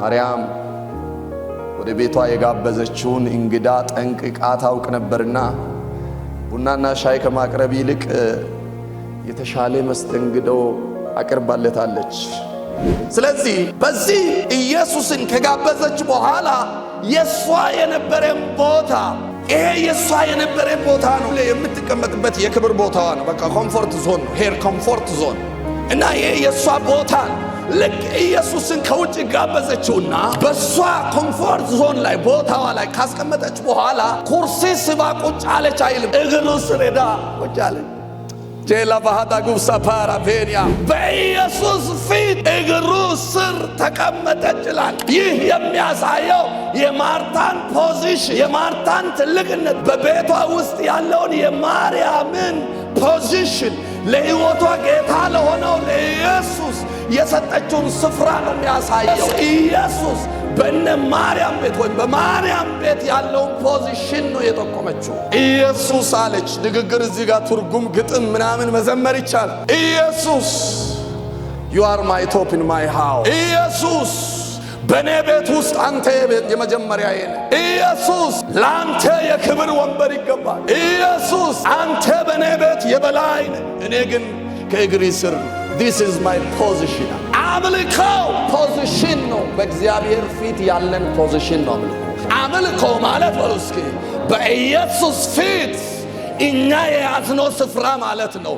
ማርያም ወደ ቤቷ የጋበዘችውን እንግዳ ጠንቅቃ ታውቅ ነበርና ቡናና ሻይ ከማቅረብ ይልቅ የተሻለ መስተንግዶ አቅርባለታለች። ስለዚህ በዚህ ኢየሱስን ከጋበዘች በኋላ የእሷ የነበረን ቦታ ይሄ የእሷ የነበረ ቦታ ነው። የምትቀመጥበት የክብር ቦታዋ ነው። በቃ ኮምፎርት ዞን ነው። ሄር ኮምፎርት ዞን እና ይሄ የእሷ ቦታ ነው። ልክ ኢየሱስን ከውጭ ጋበዘችውና በእሷ ኮምፎርት ዞን ላይ ቦታዋ ላይ ካስቀመጠች በኋላ ኩርሲ ስባ ቁጭ አለች አይልም፣ እግሩ ስር ሄዳ ቁጭ አለች። ጄላ ጉብሳ ፓራ ፔንያ በኢየሱስ ፊት እግሩ ስር ተቀመጠች ይላል። ይህ የሚያሳየው የማርታን ፖዚሽን የማርታን ትልቅነት በቤቷ ውስጥ ያለውን የማርያምን ፖዚሽን ለሕይወቷ ጌታ ለሆነው ለኢየሱስ የሰጠችውን ስፍራ ነው የሚያሳየው። ኢየሱስ በእነ ማርያም ቤት ወይም በማርያም ቤት ያለውን ፖዚሽን ነው የጠቆመችው። ኢየሱስ አለች። ንግግር እዚህ ጋር ትርጉም ግጥም ምናምን መዘመር ይቻላል። ኢየሱስ ዩአር ማይ ቶፕ ኢን ማይ ሃው ኢየሱስ በእኔ ቤት ውስጥ አንተ የመጀመሪያ ይነ ኢየሱስ ለአንተ የክብር ወንበር ይገባል። ኢየሱስ አንተ በእኔ ቤት የበላይ፣ እኔ ግን ከእግሪ ስር ዲስ ኢዝ ማይ ፖዚሽን አምልከው ፖዚሽን ነው። በእግዚአብሔር ፊት ያለን ፖዚሽን ነው አምልኮ። አምልኮ ማለት እስኪ በኢየሱስ ፊት እኛ የያዝነው ስፍራ ማለት ነው።